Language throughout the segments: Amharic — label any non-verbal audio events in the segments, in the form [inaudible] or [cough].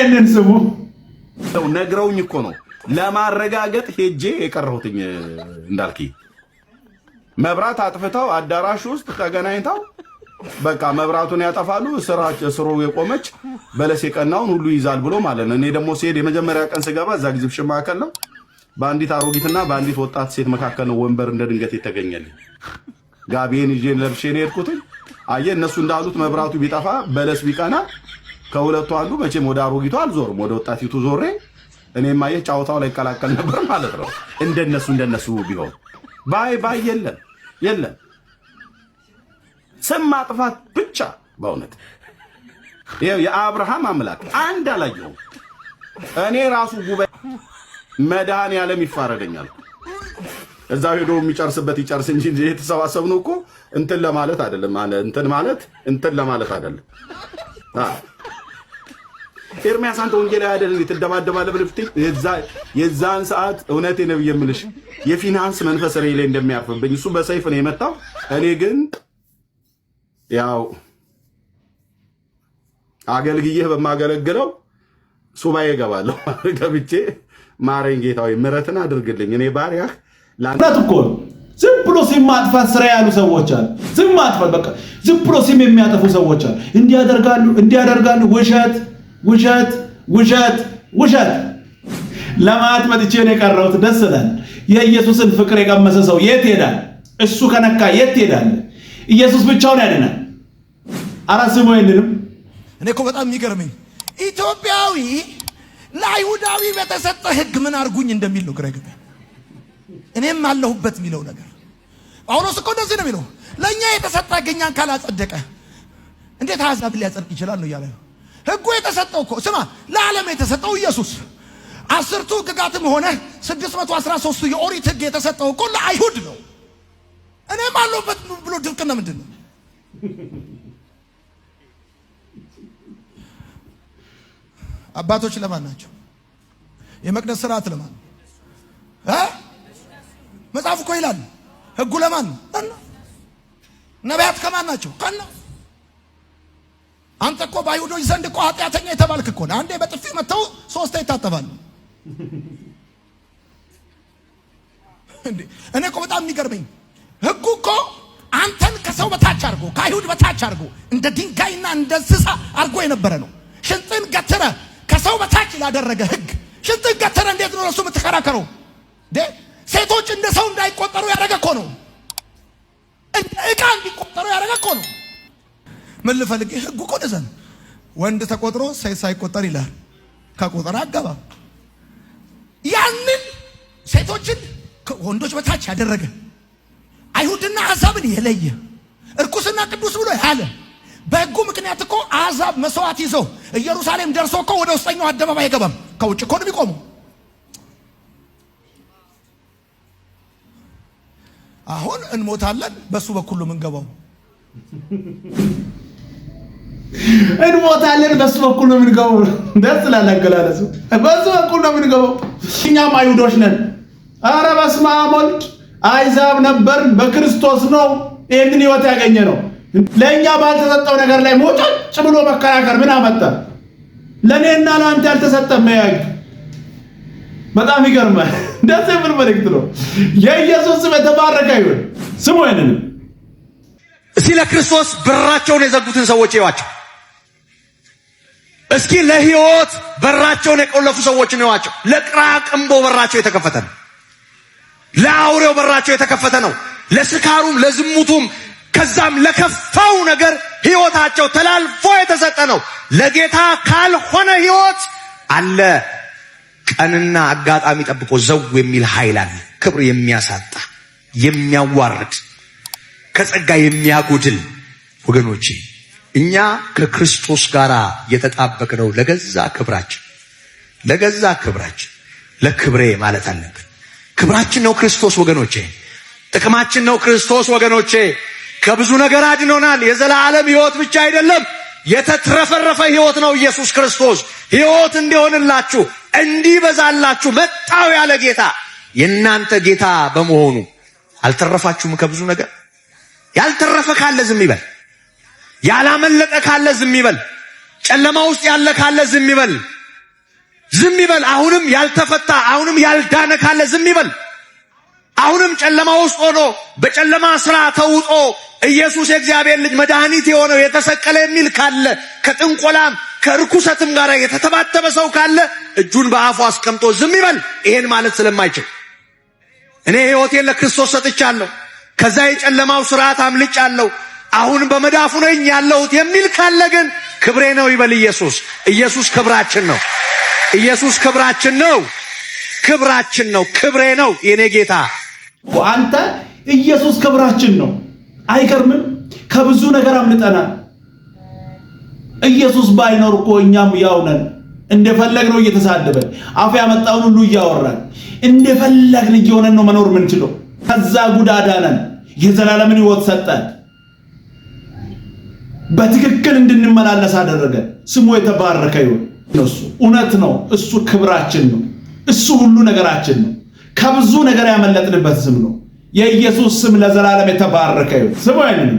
ይሄንን ስሙ። ነግረውኝ እኮ ነው ለማረጋገጥ ሄጄ የቀረሁትኝ እንዳልክ መብራት አጥፍተው አዳራሽ ውስጥ ተገናኝተው በቃ መብራቱን ያጠፋሉ። ስሩ የቆመች በለስ የቀናውን ሁሉ ይዛል ብሎ ማለት ነው። እኔ ደግሞ ሲሄድ የመጀመሪያ ቀን ስገባ እዛ ኤግዚቢሽን መካከል ነው። በአንዲት አሮጊትና በአንዲት ወጣት ሴት መካከል ነው ወንበር እንደ ድንገት የተገኘልኝ። ጋቢዬን ይዤ ለብሼ ነው የሄድኩትኝ። አየህ እነሱ እንዳሉት መብራቱ ቢጠፋ በለስ ቢቀና ከሁለቱ አንዱ መቼም ወደ አሮጊቱ አልዞርም፣ ወደ ወጣቲቱ ዞሬ እኔ አየህ ጫወታው ላይ ይቀላቀል ነበር [laughs] ማለት ነው። እንደነሱ እንደነሱ ቢሆን ባይ ባይ የለም የለም፣ ስም ማጥፋት ብቻ። በእውነት የአብርሃም አምላክ አንድ አላየሁም። እኔ ራሱ ጉባኤ መድኃኔ ዓለም ይፋረደኛል። እዛ ሄዶ የሚጨርስበት ይጨርስ እንጂ የተሰባሰብ ነው እኮ እንትን ለማለት አይደለም። እንትን ማለት እንትን ለማለት አይደለም። ኤርሚያስ አንተ ወንጌል አይደል እንዴ ትደባደባለህ ብለህ ብትይ የዛን ሰዓት እውነቴ ነው የምልሽ የፊናንስ መንፈስ ሬ ላይ እንደሚያርፍብኝ እሱ በሰይፍ ነው የመጣው። እኔ ግን ያው አገልግዬህ በማገለግለው ሱባኤ እገባለሁ። [laughs] ገብቼ ማረኝ ጌታዊ ምረትን አድርግልኝ እኔ ባሪያህ ላንተ እኮ ዝም ብሎ ስም ማጥፋት ስራ ያሉ ሰዎች አሉ። ዝም ማጥፋት በቃ ዝም ብሎ ሲም የሚያጠፉ ሰዎች አሉ። እንዲያደርጋሉ እንዲያደርጋሉ ውሸት ውሸት ውሸት ውሸት ለማት መጥቼ ነው የቀረሁት። ደስ ይላል። የኢየሱስን ፍቅር የቀመሰ ሰው የት ይሄዳል? እሱ ከነካ የት ይሄዳል? ኢየሱስ ብቻውን ያድናል። አረ ስሙ ይንንም እኔ እኮ በጣም የሚገርመኝ ኢትዮጵያዊ ለአይሁዳዊ በተሰጠ ሕግ ምን አርጉኝ እንደሚል ነው ግራ እኔም አለሁበት የሚለው ነገር ጳውሎስ እኮ እንደዚህ ነው የሚለው ለእኛ የተሰጠ ሕግ እኛን ካላጸደቀ እንዴት አሕዛብ ሊያጸድቅ ይችላል ነው እያለ ህጉ የተሰጠው እኮ ስማ፣ ለዓለም የተሰጠው ኢየሱስ አስርቱ ግጋትም ሆነ 613ቱ የኦሪት ህግ የተሰጠው እኮ ለአይሁድ ነው። እኔም አለሁበት ብሎ ድርቅና ምንድን ነው? አባቶች ለማን ናቸው? የመቅደስ ስርዓት ለማን ነው? መጽሐፍ እኮ ይላል። ህጉ ለማን ነው? ነቢያት ከማን ናቸው? ከና አንተ እኮ በአይሁዶች ዘንድ እኮ ኃጢአተኛ የተባልክ እኮ ነህ። አንዴ በጥፊ መተው ሶስተ ይታጠባሉ። እኔ እኮ በጣም የሚገርመኝ ህጉ እኮ አንተን ከሰው በታች አድርጎ ከአይሁድ በታች አድርጎ እንደ ድንጋይና እንደ እንስሳ አድርጎ የነበረ ነው። ሽንጥን ገትረ ከሰው በታች ላደረገ ህግ ሽንጥን ገትረ እንዴት ነው እሱ የምትከራከረው? ሴቶች እንደ ሰው እንዳይቆጠሩ ያደረገ እኮ ነው። እንደ ዕቃ እንዲቆጠሩ ያደረገ እኮ ነው። ምን ልፈልግ? ህጉ እኮ እንደዛ ነው። ወንድ ተቆጥሮ ሴት ሳይቆጠር ይላል። ከቆጠር አገባ። ያንን ሴቶችን ወንዶች በታች ያደረገ አይሁድና አሕዛብን የለየ እርኩስና ቅዱስ ብሎ ያለ በህጉ ምክንያት እኮ አሕዛብ መስዋዕት ይዘው ኢየሩሳሌም ደርሶ እኮ ወደ ውስጠኛው አደባባይ አይገባም። ከውጭ እኮ ነው የሚቆሙ። አሁን እንሞታለን፣ በሱ በኩል ምንገባው የምንገባው። እንሞታለን። በሱ በኩል ነው የምንገባው። ደስ ላለገላለሱ በሱ በኩል ነው የምንገባው። እኛም አይሁዶች ነን። አረ በስመ አብ ወልድ አይዛብ ነበር በክርስቶስ ነው ይህንን ህይወት ያገኘ ነው። ለእኛ ባልተሰጠው ነገር ላይ ሞጫጭ ብሎ መከራከር ምን አመጣ? ለእኔና ለአንተ አልተሰጠም መያግ በጣም ይገርማል። [laughs] ደስ የሚል መልእክት ነው። የኢየሱስ ስም የተባረከ ይሁን። ስሙ ይህንንም እስቲ ክርስቶስ በራቸውን የዘጉትን ሰዎች ይዋቸው። እስኪ ለህይወት በራቸውን የቆለፉ ሰዎች ለቅራ ለቅራቅምቦ በራቸው የተከፈተ ነው። ለአውሬው በራቸው የተከፈተ ነው። ለስካሩም፣ ለዝሙቱም ከዛም ለከፋው ነገር ህይወታቸው ተላልፎ የተሰጠ ነው። ለጌታ ካልሆነ ህይወት አለ ቀንና አጋጣሚ ጠብቆ ዘው የሚል ኃይል አለ። ክብር የሚያሳጣ የሚያዋርድ ከጸጋ የሚያጎድል ወገኖቼ እኛ ከክርስቶስ ጋር የተጣበቅነው ለገዛ ክብራችን ለገዛ ክብራችን ለክብሬ ማለት አለብን። ክብራችን ነው ክርስቶስ ወገኖቼ፣ ጥቅማችን ነው ክርስቶስ ወገኖቼ። ከብዙ ነገር አድኖናል። የዘላለም ሕይወት ብቻ አይደለም፣ የተትረፈረፈ ሕይወት ነው ኢየሱስ ክርስቶስ። ሕይወት እንዲሆንላችሁ እንዲበዛላችሁ መጣው ያለ ጌታ የእናንተ ጌታ በመሆኑ አልተረፋችሁም? ከብዙ ነገር ያልተረፈ ካለ ዝም ይበል። ያላመለጠ ካለ ዝም ይበል። ጨለማ ውስጥ ያለ ካለ ዝም ይበል። ዝም ይበል። አሁንም ያልተፈታ አሁንም ያልዳነ ካለ ዝም ይበል። አሁንም ጨለማ ውስጥ ሆኖ በጨለማ ስራ ተውጦ ኢየሱስ የእግዚአብሔር ልጅ መድኃኒት የሆነው የተሰቀለ የሚል ካለ ከጥንቆላም ከርኩሰትም ጋር የተተባተበ ሰው ካለ እጁን በአፉ አስቀምጦ ዝም ይበል። ይሄን ማለት ስለማይችል እኔ ሕይወቴን ለክርስቶስ ሰጥቻለሁ፣ ከዛ የጨለማው ስርዓት አምልጫለሁ፣ አሁን በመዳፉ ነኝ ያለሁት የሚል ካለ ግን ክብሬ ነው ይበል። ኢየሱስ ኢየሱስ ክብራችን ነው። ኢየሱስ ክብራችን ነው። ክብራችን ነው። ክብሬ ነው የኔ ጌታ አንተ ኢየሱስ ክብራችን ነው። አይገርምም? ከብዙ ነገር አምልጠናል። ኢየሱስ ባይኖር እኮ እኛም ያው ነን። እንደፈለግነው እየተሳደበን አፍ ያመጣውን ሁሉ እያወራን እንደፈለግን እየሆነን ነው መኖር ምንችለው። ከዛ ጉድ የዘላለምን ህይወት ሰጠን። በትክክል እንድንመላለስ አደረገ። ስሙ የተባረከ ይሁን። እሱ እውነት ነው። እሱ ክብራችን ነው። እሱ ሁሉ ነገራችን ነው። ከብዙ ነገር ያመለጥንበት ስም ነው። የኢየሱስ ስም ለዘላለም የተባረከ ይሁን። ስሙ አይነን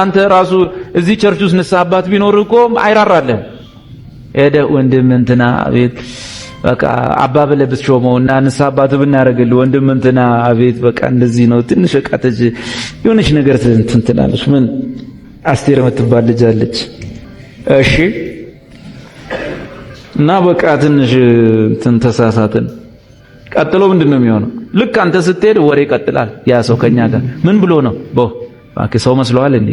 አንተ ራሱ እዚህ ቸርች ውስጥ ንስሐ አባት ቢኖር እኮ አይራራልህም። ሄደ ወንድም እንትና አቤት በቃ አባ ብለህ ብትሾመው እና ንስሐ አባት ብናደርግልህ ወንድም እንትና አቤት በቃ እንደዚህ ነው ትንሽ በቃ የሆነች ነገር እንትን ትላለች ምን አስቴር የምትባል ልጅ አለች። እሺ እና በቃ ትንሽ እንትን ተሳሳትን። ቀጥሎ ምንድን ነው የሚሆነው? ልክ አንተ ስትሄድ ወሬ ይቀጥላል። ያ ሰው ከኛ ጋር ምን ብሎ ነው ቦ እባክህ ሰው መስሏል እንዴ?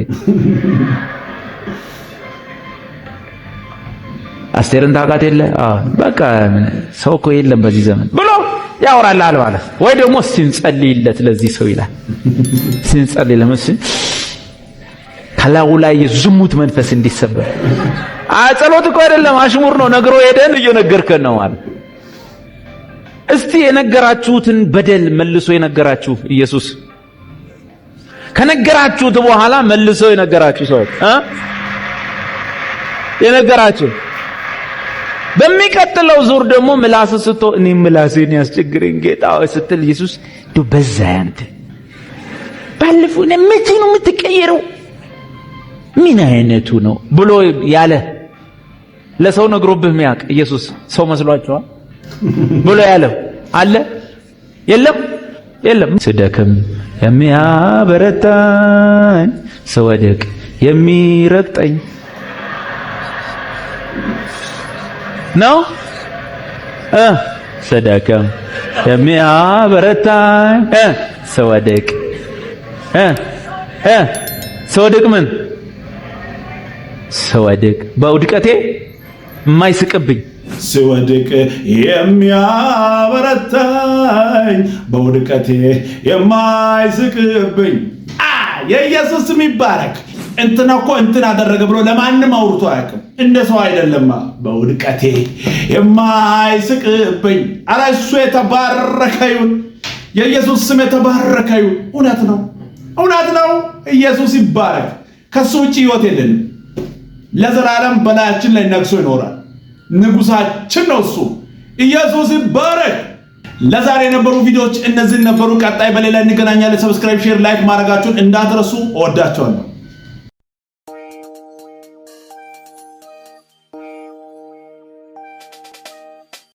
አስቴርን ታውቃት የለ? አዎ በቃ ሰው እኮ የለም በዚህ ዘመን ብሎ ያወራልሃል ማለት ወይ ደግሞ ሲንጸልይለት ለዚህ ሰው ይላል ሲንጸልይለት ከላዩ ላይ የዝሙት መንፈስ እንዲሰበር ጸሎት እኮ አይደለም አሽሙር ነው። ነግሮ ሄደን እየነገርከን ነው አለ። እስቲ የነገራችሁትን በደል መልሶ የነገራችሁ ኢየሱስ ከነገራችሁት በኋላ መልሶ የነገራችሁ ሰዎች እ የነገራችሁ በሚቀጥለው ዙር ደግሞ ምላስ ስቶ እኔ ምላሴን ያስቸግረኝ ጌታ ስትል ኢየሱስ ዱ በዛ ያንተ ባለፈው ነው የምትቀየረው ምን አይነቱ ነው ብሎ ያለ ለሰው ነግሮብህ ሚያቅ ኢየሱስ ሰው መስሏቸዋል ብሎ ያለው አለ? የለም የለም። ስደክም የሚያበረታኝ ስወድቅ የሚረግጠኝ ነው። ስደክም የሚያበረታኝ ስወድቅ ስወድቅ ምን ስወድቅ በውድቀቴ የማይስቅብኝ ስወድቅ የሚያበረታኝ በውድቀቴ የማይስቅብኝ የኢየሱስ ስም ይባረክ። እንትና እኮ እንትን አደረገ ብሎ ለማንም አውርቶ አያውቅም። እንደ ሰው አይደለማ። በውድቀቴ የማይስቅብኝ አረ እሱ የተባረከ ይሁን። የኢየሱስ ስም የተባረከ ይሁን። እውነት ነው፣ እውነት ነው። ኢየሱስ ይባረክ። ከሱ ውጭ ህይወት የለንም። ለዘላለም በላያችን ላይ ነግሶ ይኖራል። ንጉሳችን ነው እሱ። ኢየሱስ ይባረክ። ለዛሬ የነበሩ ቪዲዮዎች እነዚህን ነበሩ። ቀጣይ በሌላ እንገናኛለን። ሰብስክራይብ፣ ሼር፣ ላይክ ማድረጋችሁን እንዳትረሱ። እወዳቸዋለሁ።